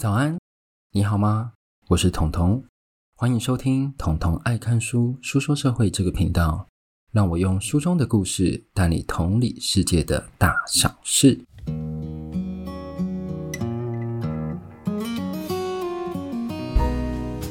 早安，你好嗎？我是統統，歡迎收聽《統統愛看書》書說社會這個頻道，讓我用書中的故事帶你同理世界的大小事。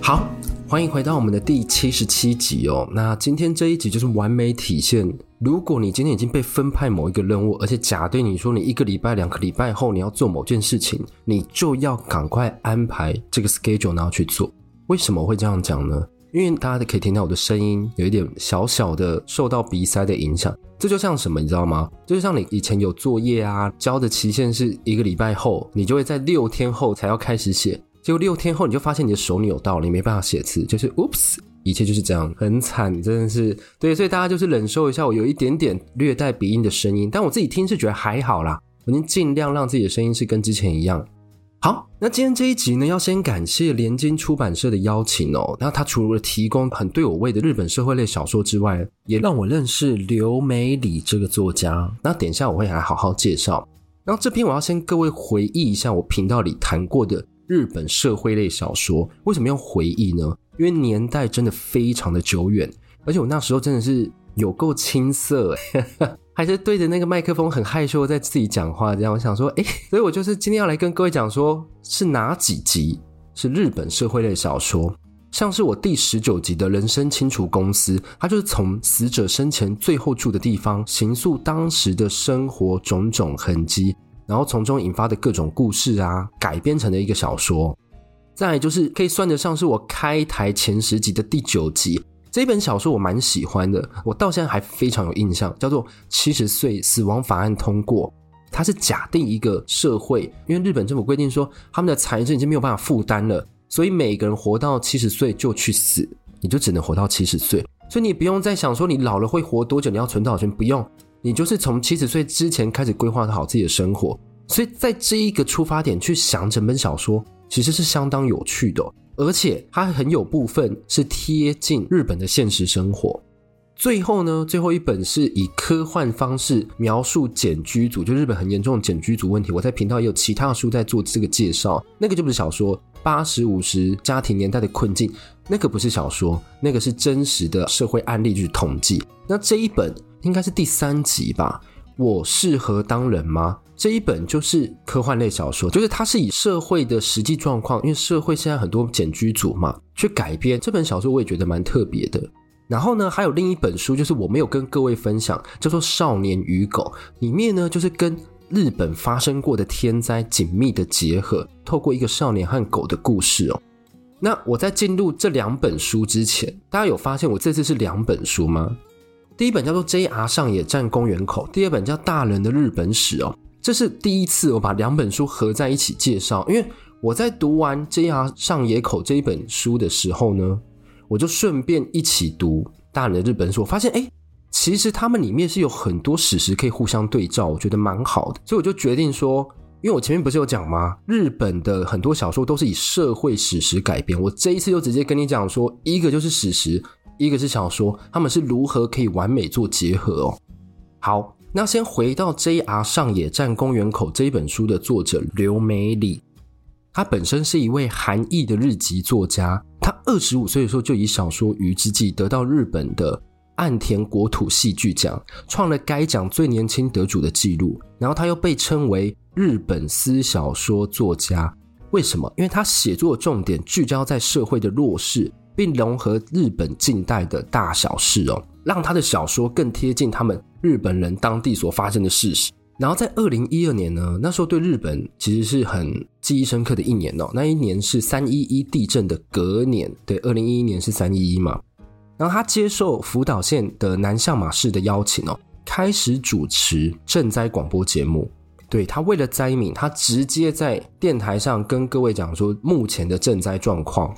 好，歡迎回到我們的第七十七集哦。那今天這一集就是完美體現。如果你今天已經被分派某一個任務，而且假對你說你一個禮拜、兩個禮拜後你要做某件事情，你就要趕快安排這個 schedule 然後去做。為什麼會這樣講呢？因為大家都可以聽到我的聲音有一點小小的受到鼻塞的影響。這就像什麼，你知道嗎？就像你以前有作業啊，交的期限是一個禮拜後，你就會在六天後才要開始寫。結果六天後你就發現你的手扭到，你沒辦法寫字，就是，oops。一切就是這樣，很慘，真的是對，所以大家就是忍受一下，我有一點點略帶鼻音的聲音，但我自己聽是覺得還好啦，我已經盡量讓自己的聲音是跟之前一樣。好，那今天這一集呢，要先感謝聯經出版社的邀請哦。那他除了提供很對我胃的日本社會類小說之外，也讓我認識柳美里這個作家。那等一下我會來好好介紹。然後這篇我要先各位回憶一下我頻道裡談過的。日本社會類小說為什麼要回憶呢？因為年代真的非常的久遠，而且我那時候真的是有夠青澀呵呵，還是對着那個麥克風很害羞在自己講話這樣。我想說，哎，所以我就是今天要來跟各位講說，說是哪幾集是日本社會類小說，像是我第十九集的《人生清除公司》，它就是從死者生前最後住的地方，形塑當時的生活種種痕跡，然後從中引發的各種故事啊，改編成的一個小說。再來就是可以算得上是我開台前十集的第九集，這本小說我蠻喜歡的，我到現在還非常有印象，叫做《七十歲死亡法案》通過。它是假定一個社會，因為日本政府規定說，他們的財政已經沒有辦法負擔了，所以每個人活到七十歲就去死，你就只能活到七十歲，所以你不用再想說你老了會活多久，你要存多少錢，不用。你就是從七十歲之前開始規劃好自己的生活，所以在這一個出發點去想整本小說，其實是相當有趣的，哦，而且它很有部分是貼近日本的現實生活。最後呢，最後一本是以科幻方式描述繭居族，就日本很嚴重的繭居族問題。我在頻道也有其他的書在做這個介紹，那個就不是小說，八十五十家庭年代的困境，那個不是小說，那個是真實的社會案例，去、就是、統計。那這一本。應該是第三集吧。我適合當人嗎？這一本就是科幻類小說，就是它是以社會的實際狀況，因為社會現在很多繭居族嘛，去改編這本小說，我也覺得蠻特別的。然後呢，還有另一本書，就是我沒有跟各位分享，叫做《少年與狗》，裡面呢就是跟日本發生過的天災緊密的結合，透過一個少年和狗的故事哦。那我在進入這兩本書之前，大家有發現我這次是兩本書嗎？第一本叫做《JR 上野站公園口》，第二本叫《大人的日本史》哦。這是第一次我把兩本書合在一起介紹，因為我在讀完《JR 上野口》這一本書的時候呢，我就順便一起讀《大人的日本史》，我發現誒，其實他們裡面是有很多史實可以互相對照，我覺得蠻好的，所以我就決定說，因為我前面不是有講嗎？日本的很多小說都是以社會史實改編，我這一次就直接跟你講說，一個就是史實。一個是小說，他們是如何可以完美做結合哦？好，那先回到《J R 上野站公園口》這本書的作者柳美裡，他本身是一位韓裔的日籍作家。他二十五歲的時候就以小說《魚之際》得到日本的岸田國士戲劇獎，創了該獎最年輕得主的記錄。然後他又被稱為日本私小說作家，為什麼？因為他寫作的重點聚焦在社會的弱勢。並融合日本近代的大小事哦、喔，讓他的小說更貼近他們日本人當地所發生的事實。然後在二零一二年呢，那時候對日本其實是很記憶深刻的一年哦、喔。那一年是三一一地震的隔年，對，二零一一年是三一一嘛。然後他接受福島縣的南相馬市的邀請哦、喔，開始主持賑災廣播節目。對，他為了災民，他直接在電台上跟各位講說目前的賑災狀況。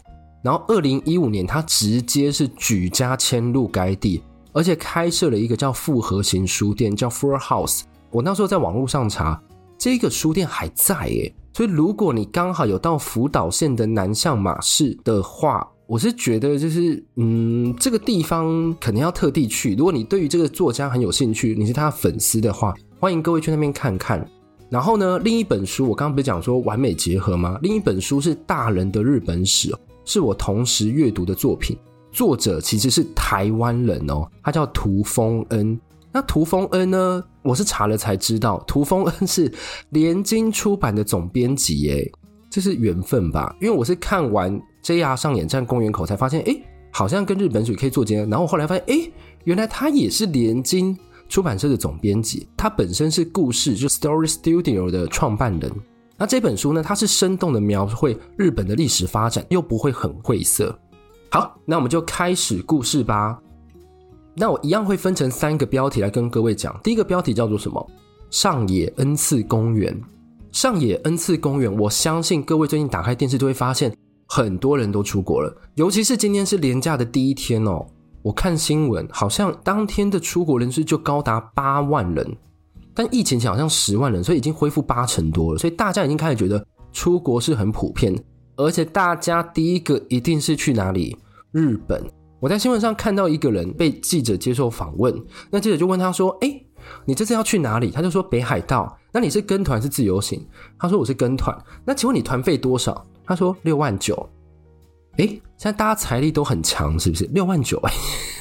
然後，二零一五年，他直接是舉家遷入該地，而且開設了一個叫複合型書店，叫 Four House。我那時候在網絡上查，這個書店還在耶。所以，如果你剛好有到福島縣的南相馬市的話，我是覺得就是，嗯，這個地方肯定要特地去。如果你對於這個作家很有興趣，你是他的粉絲的話，歡迎各位去那邊看看。然後呢，另一本書，我剛剛不是講說完美結合嗎？另一本書是《大人的日本史》。是我同時閱讀的作品，作者其實是台灣人哦，他叫涂豐恩。那涂豐恩呢？我是查了才知道，涂豐恩是聯經出版的總編輯誒，這是緣分吧？因為我是看完《J R 上野站公園口》才發現，哎，好像跟日本水可以做兼。然後我後來發現，哎，原來他也是聯經出版社的總編輯，他本身是故事就 Story Studio 的創辦人。那這本書呢？它是生動的描繪日本的歷史發展，又不會很晦澀。好，那我們就開始故事吧。那我一樣會分成三個標題來跟各位講。第一個標題叫做什麼？上野恩賜公園。上野恩賜公園，我相信各位最近打開電視就會發現，很多人都出國了，尤其是今天是連假的第一天哦。我看新聞，好像當天的出國人數就高達八萬人。但疫情前好像十萬人，所以已經恢復八成多了，所以大家已經開始覺得出國是很普遍。而且大家第一個一定是去哪裡？日本。我在新聞上看到一個人被記者接受訪問，那記者就問他說：“哎，你這次要去哪裡？”他就說：“北海道。”那你是跟團是自由行？他說：“我是跟團。”那請問你團費多少？他說：“六萬九。”哎，現在大家財力都很強，是不是？六萬九哎。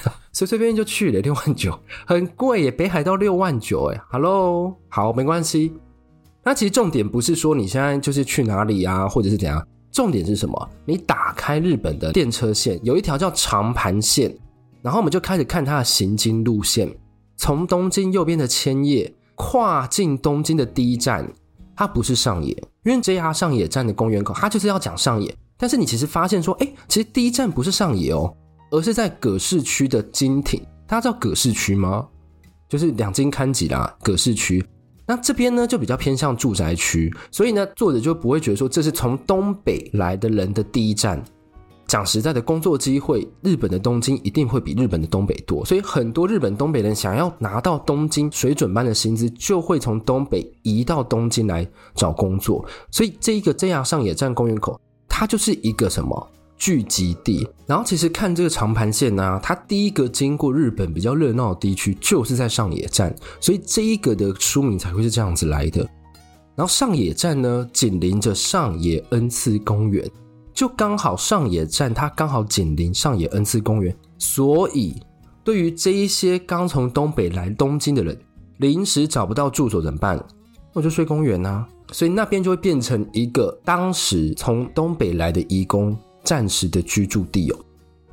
隨隨便便就去了六萬九，很貴耶！北海道六萬九，誒，Hello，好，沒關係。那其實重點不是說你現在就是去哪裡啊，或者是怎樣，重點是什麼？你打開日本的電車線，有一條叫長盤線，然後我們就開始看它的行經路線。從東京右邊的千葉，跨進東京的第一站，它不是上野，因為 JR 上野站的公園口，它就是要講上野。但是你其實發現說，哎，其實第一站不是上野哦。而是在葛飾區的金町，大家知道葛飾區嗎？就是兩津勘吉啦，葛飾區。那這邊呢，就比較偏向住宅區，所以呢，作者就不會覺得說，這是從東北來的人的第一站。講實在的，工作機會，日本的東京一定會比日本的東北多，所以很多日本東北人想要拿到東京水準般的薪資，就會從東北移到東京來找工作。所以這一個 JR 上野站公園口，它就是一個什麼？聚集地，然後其實看這個長盤線呢、啊，它第一個經過日本比較熱鬧的地區就是在上野站，所以這一個的書名才會是這樣子來的。然後上野站呢，緊鄰着上野恩賜公園，就剛好上野站它剛好緊鄰上野恩賜公園，所以對於這一些剛從東北來東京的人，臨時找不到住所怎麼辦？我就睡公園啊，所以那邊就會變成一個當時從東北來的移工。暫時的居住地哦。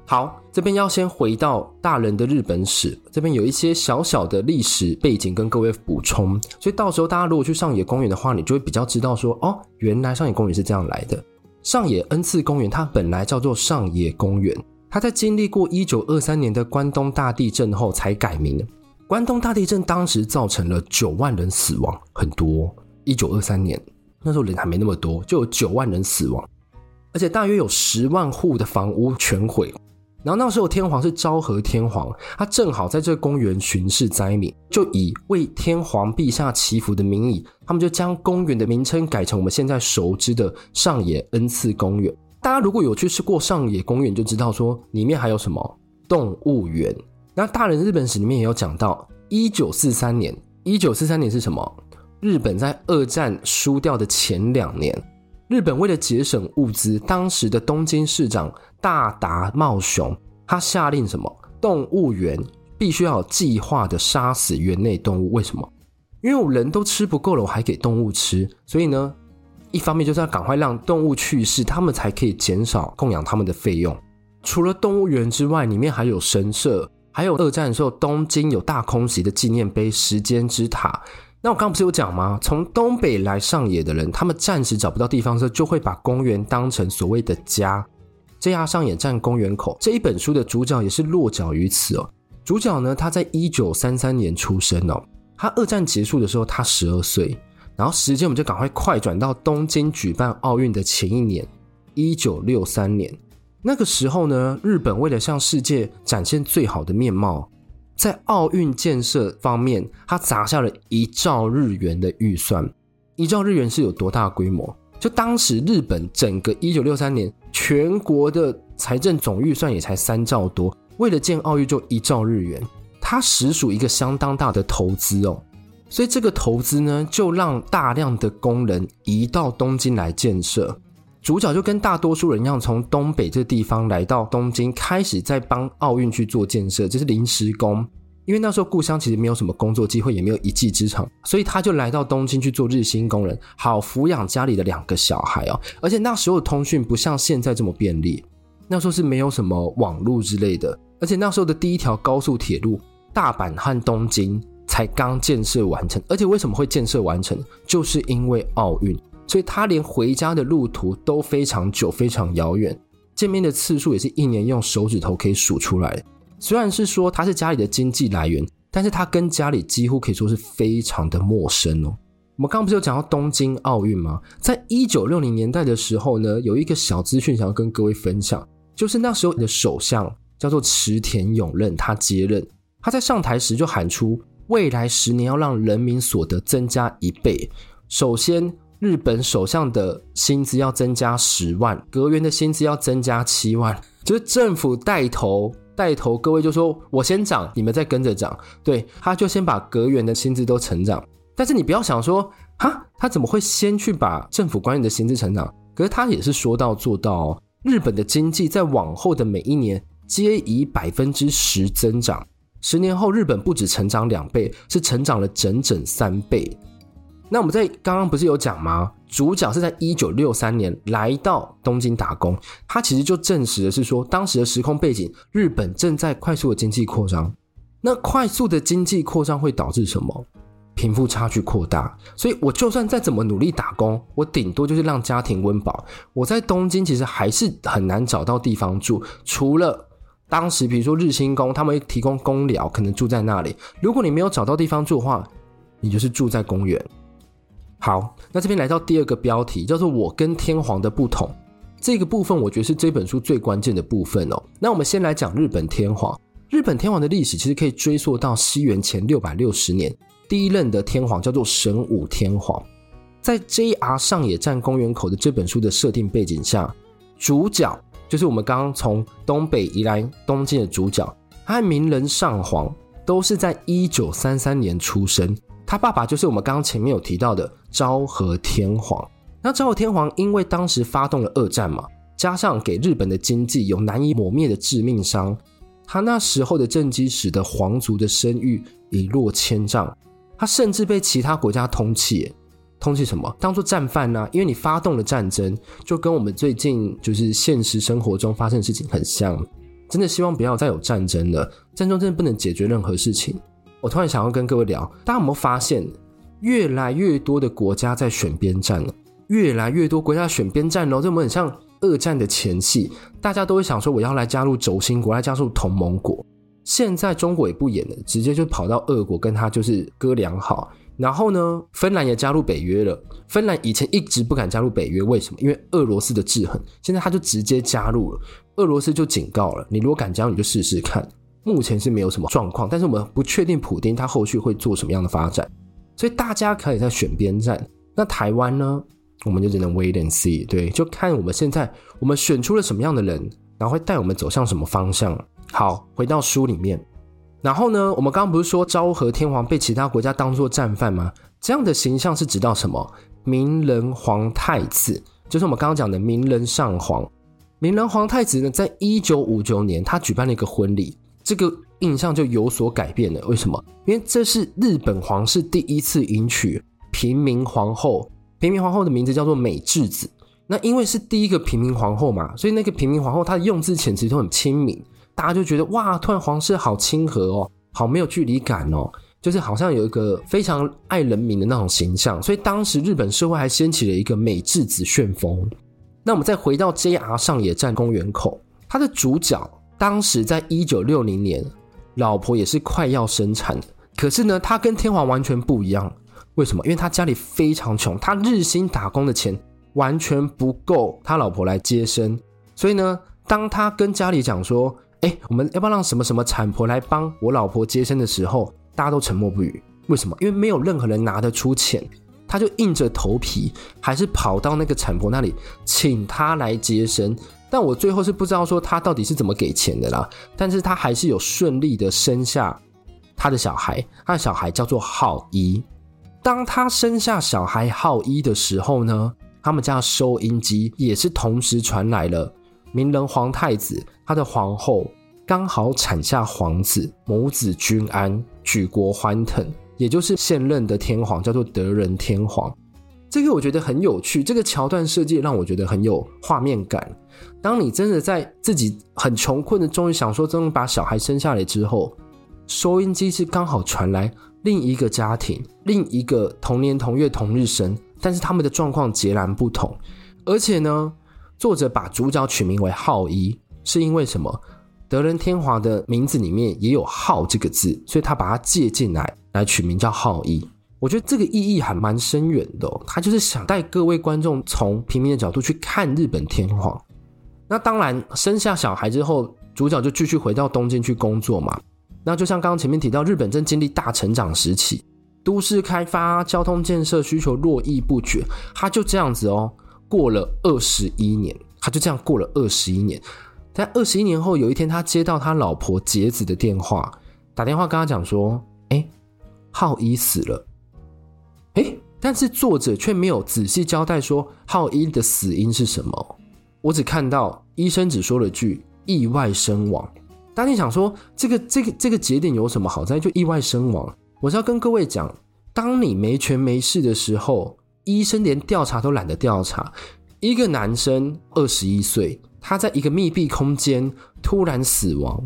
好，這邊要先回到大人的日本史，這邊有一些小小的歷史背景跟各位補充，所以到時候大家如果去上野公園的話，你就會比較知道說哦，原來上野公園是這樣來的。上野恩賜公園它本來叫做上野公園，它在經歷過一九二三年的關東大地震後才改名。關東大地震當時造成了九萬人死亡，很多。一九二三年那時候人還沒那麼多，就有九萬人死亡。而且大約有十萬戶的房屋全毀，然後那時候天皇是昭和天皇，他正好在這個公園巡視災民，就以為天皇陛下祈福的名義，他們就將公園的名稱改成我們現在熟知的上野恩賜公園。大家如果有去去過上野公園，就知道說裡面還有什麼動物園。那大人日本史裡面也有講到，一九四三年，一九四三年是什麼？日本在二戰輸掉的前兩年。日本為了節省物資，當時的東京市長大達茂雄，他下令什麼？動物園必須要有計劃的殺死園內動物。為什麼？因為我人都吃不夠了，我還給動物吃。所以呢，一方面就是要趕快讓動物去世，他們才可以減少供養他們的費用。除了動物園之外，裡面還有神社，還有二戰的時候東京有大空襲的紀念碑——時間之塔。那我剛剛不是有講嗎？從東北來上野的人，他們暫時找不到地方的時候，就會把公園當成所謂的家。這下上野站公園口，這一本書的主角也是落腳於此哦。主角呢，他在一九三三年出生哦。他二戰結束的時候，他十二歲。然後時間我們就趕快快轉到東京舉辦奧運的前一年，一九六三年。那個時候呢，日本為了向世界展現最好的面貌。在奧運建設方面，他砸下了一兆日元的預算。一兆日元是有多大規模？就當時日本整個一九六三年全國的財政總預算也才三兆多，為了建奧運就一兆日元。它實屬一個相當大的投資哦。所以這個投資呢，就讓大量的工人移到東京來建設。主角就跟大多數人一樣，從東北這個地方來到東京，開始在幫奧運去做建設，這，就是臨時工。因為那時候故鄉其實沒有什麼工作機會，也沒有一技之長，所以他就來到東京去做日薪工人，好撫養家裡的兩個小孩哦。而且那時候的通訊不像現在這麼便利，那時候是沒有什麼網絡之類的。而且那時候的第一條高速鐵路，大阪和東京才剛建設完成。而且為什麼會建設完成，就是因為奧運。所以他連回家的路途都非常久，非常遙遠。見面的次數也是一年用手指頭可以數出來。雖然是說他是家裡的經濟來源，但是他跟家裡幾乎可以說是非常的陌生哦。我們剛剛不是有講到東京奧運嗎？在一九六零年代的時候呢，有一個小資訊想要跟各位分享，就是那時候你的首相叫做池田勇人，他接任，他在上台時就喊出未來十年要讓人民所得增加一倍。首先。日本首相的薪資要增加十萬，閣員的薪資要增加七萬，就是政府帶頭帶頭，帶頭各位就說我先漲，你們再跟着漲。對，他就先把閣員的薪資都成長。但是你不要想說，哈，他怎麼會先去把政府官員的薪資成長？可是他也是說到做到哦。日本的經濟在往後的每一年皆以百分之十增長，十年後日本不只成長兩倍，是成長了整整三倍。那我們在剛剛不是有講嗎？主角是在一九六三年來到東京打工，他其實就證實的是說，當時的時空背景，日本正在快速的經濟擴張。那快速的經濟擴張會導致什麼？貧富差距擴大。所以我就算再怎麼努力打工，我頂多就是讓家庭溫飽。我在東京其實還是很難找到地方住，除了當時比如說日薪工，他們會提供工寮，可能住在那裡。如果你沒有找到地方住的話，你就是住在公園。好，那這邊來到第二個標題，叫做“我跟天皇的不同”。這個部分我覺得是這本書最關鍵的部分哦。那我們先來講日本天皇。日本天皇的歷史其實可以追溯到西元前六百六十年，第一任的天皇叫做神武天皇。在 JR 上野站公園口的這本書的設定背景下，主角就是我們剛剛從東北移來東京的主角，他和明仁上皇都是在一九三三年出生。他爸爸就是我們剛剛前面有提到的。昭和天皇，那昭和天皇因為當時發動了二戰嘛，加上給日本的經濟有難以磨滅的致命傷，他那時候的政績使得皇族的聲譽一落千丈，他甚至被其他國家通緝，通緝什麼？當做戰犯呢、啊？因為你發動了戰爭，就跟我們最近就是現實生活中發生的事情很像，真的希望不要再有戰爭了，戰爭真的不能解決任何事情。我突然想要跟各位聊，大家有沒有發現？越來越多的國家在選邊站了，越來越多國家在選邊站了，這我們很像二戰的前期，大家都會想說我要來加入軸心國，來加入同盟國。現在中國也不演了，直接就跑到俄國跟他就是哥倆好。然後呢，芬蘭也加入北約了。芬蘭以前一直不敢加入北約，為什麼？因為俄羅斯的制衡。現在他就直接加入了，俄羅斯就警告了：你如果敢加入，你就試試看。目前是沒有什麼狀況，但是我們不確定普丁他後續會做什麼樣的發展。所以大家可以在選邊站，那台灣呢，我們就只能 wait and see，對，就看我們現在我們選出了什麼樣的人，然後會帶我們走向什麼方向。好，回到書裡面，然後呢，我們剛剛不是說昭和天皇被其他國家當做戰犯嗎？這樣的形象是指到什麼？明仁皇太子，就是我們剛剛講的明仁上皇。明仁皇太子呢，在一九五九年，他舉辦了一個婚禮，這個。印象就有所改變了。為什麼？因為這是日本皇室第一次迎娶平民皇後。平民皇後的名字叫做美智子。那因為是第一個平民皇後嘛，所以那個平民皇後她的用字遣詞都很親民，大家就覺得哇，突然皇室好親和哦，好沒有距離感哦，就是好像有一個非常愛人民的那種形象。所以當時日本社會還掀起了一個美智子旋風。那我們再回到 JR 上野站公園口，它的主角當時在一九六零年。老婆也是快要生產，可是呢，他跟天皇完全不一樣。為什麼？因為他家裡非常窮，他日薪打工的錢完全不夠他老婆來接生。所以呢，當他跟家裡講說：“哎、欸，我們要不要讓什麼什麼產婆來幫我老婆接生？”的時候，大家都沉默不語。為什麼？因為沒有任何人拿得出錢。他就硬着頭皮，還是跑到那個產婆那裡，請他來接生。但我最後是不知道說他到底是怎麼給錢的啦，但是他還是有順利的生下他的小孩，他的小孩叫做浩一。當他生下小孩浩一的時候呢，他們家收音機也是同時傳來了，明仁皇太子，他的皇后剛好產下皇子，母子均安，舉國歡騰，也就是現任的天皇叫做德仁天皇。這個我覺得很有趣，這個橋段設計讓我覺得很有畫面感。當你真的在自己很窮困的，終於想說，終於把小孩生下來之後，收音機是剛好傳來另一個家庭，另一個同年同月同日生，但是他們的狀況截然不同。而且呢，作者把主角取名為浩一，是因為什麼？德仁天皇的名字裡面也有“浩”這個字，所以他把它借進來，來取名叫浩一。我覺得這個意義還蠻深遠的哦，他就是想帶各位觀眾從平民的角度去看日本天皇。那當然，生下小孩之後，主角就繼續回到東京去工作嘛。那就像剛剛前面提到，日本正經歷大成長時期，都市開發、交通建設需求絡繹不絕。他就這樣子哦，過了二十一年，他就這樣過了二十一年。在二十一年後，有一天，他接到他老婆節子的電話，打電話跟他講說：“哎，浩一死了。”但是作者卻沒有仔細交代說浩一的死因是什麼，我只看到醫生只說了句意外身亡。當你想說這個這個這個節點有什麼好在就意外身亡，我是要跟各位講，當你沒權沒勢的時候，醫生連調查都懶得調查。一個男生二十一歲，他在一個密閉空間突然死亡，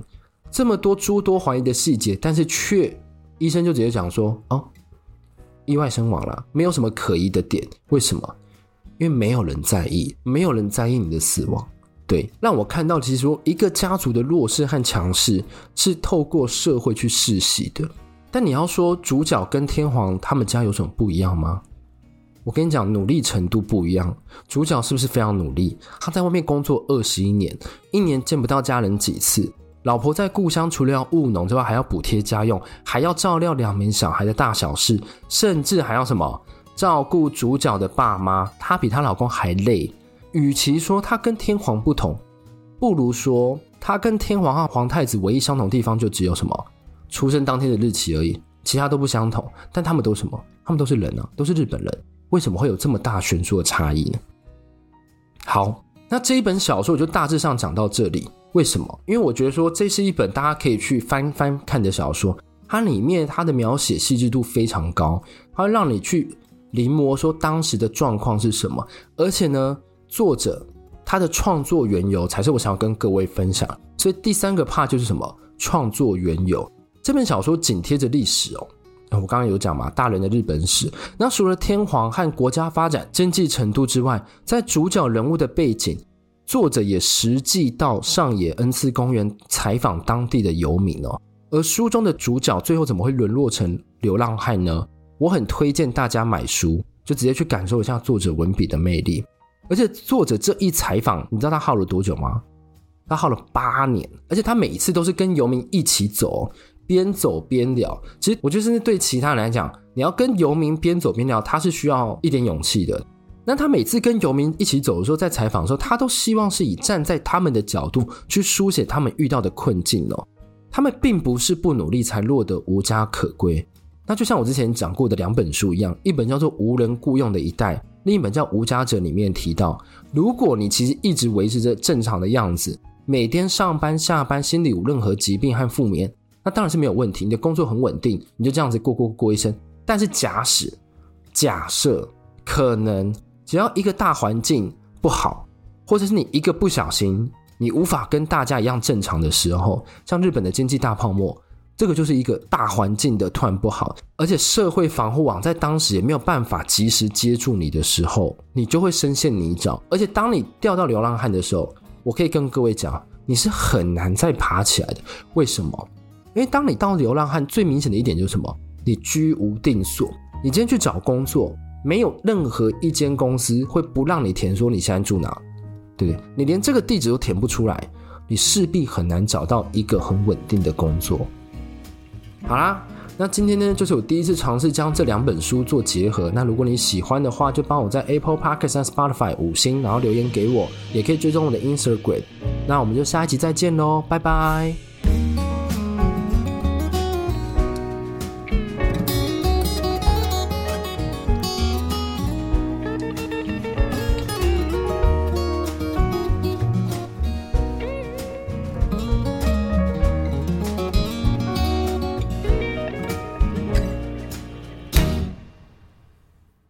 這麼多諸多懷疑的細節，但是卻醫生就直接講說啊。哦意外身亡啦，沒有什麼可疑的點。為什麼？因為沒有人在意，沒有人在意你的死亡。對，讓我看到，其實說一個家族的弱勢和強勢是透過社會去世襲的。但你要說主角跟天皇他們家有什麼不一樣嗎？我跟你講，努力程度不一樣。主角是不是非常努力？他在外面工作二十一年，一年見不到家人幾次。老婆在故鄉除了要務農之外，還要補貼家用，還要照料兩名小孩的大小事，甚至還要什麼照顧主角的爸媽。她比她老公還累。與其說她跟天皇不同，不如說她跟天皇和皇太子唯一相同的地方就只有什麼出生當天的日期而已，其他都不相同。但他們都什麼？他們都是人呢、啊，都是日本人。為什麼會有這麼大懸殊的差異呢？好，那這一本小說我就大致上講到這裡。為什麼？因為我覺得說，這是一本大家可以去翻翻看的小說，它裡面它的描寫細緻度非常高，它讓你去臨摹說當時的狀況是什麼。而且呢，作者他的創作緣由才是我想要跟各位分享。所以第三個 part 就是什麼？創作緣由。這本小說緊貼着歷史哦，我剛剛有講嘛，大人的日本史。那除了天皇和國家發展經濟程度之外，在主角人物的背景，作者也實際到上野恩賜公園採訪當地的游民哦、喔，而書中的主角最後怎麼會淪落成流浪漢呢？我很推薦大家買書，就直接去感受一下作者文筆的魅力。而且作者這一採訪，你知道他耗了多久嗎？他耗了八年，而且他每一次都是跟游民一起走，邊走邊聊。其實我覺得，對其他人來講，你要跟游民邊走邊聊，他是需要一點勇氣的。那他每次跟遊民一起走的時候，在採訪的時候，他都希望是以站在他們的角度去書寫他們遇到的困境喔。他們並不是不努力才落得無家可歸。那就像我之前講過的兩本書一樣，一本叫做《無人僱用的一代》，另一本叫《無家者》，裡面提到，如果你其實一直維持着正常的樣子，每天上班下班，心裡有任何疾病和負面，那當然是沒有問題。你的工作很穩定，你就這樣子過過過過一生。但是假使假設可能。只要一個大環境不好，或者是你一個不小心，你無法跟大家一樣正常的時候，像日本的經濟大泡沫，這個就是一個大環境的突然不好，而且社會防護網在當時也沒有辦法及時接住你的時候，你就會深陷泥沼。而且當你掉到流浪漢的時候，我可以跟各位講，你是很難再爬起來的。為什麼？因為當你到流浪漢，最明顯的一點就是什麼？你居無定所，你今天去找工作。沒有任何一間公司會不讓你填說你現在住哪，對不對？你連這個地址都填不出來，你勢必很難找到一個很穩定的工作。好啦，那今天呢，就是我第一次嘗試將這兩本書做結合。那如果你喜歡的話，就幫我在 Apple Podcast 和 Spotify 五星，然後留言給我，也可以追蹤我的 Instagram。那我們就下一集再見嘍，拜拜。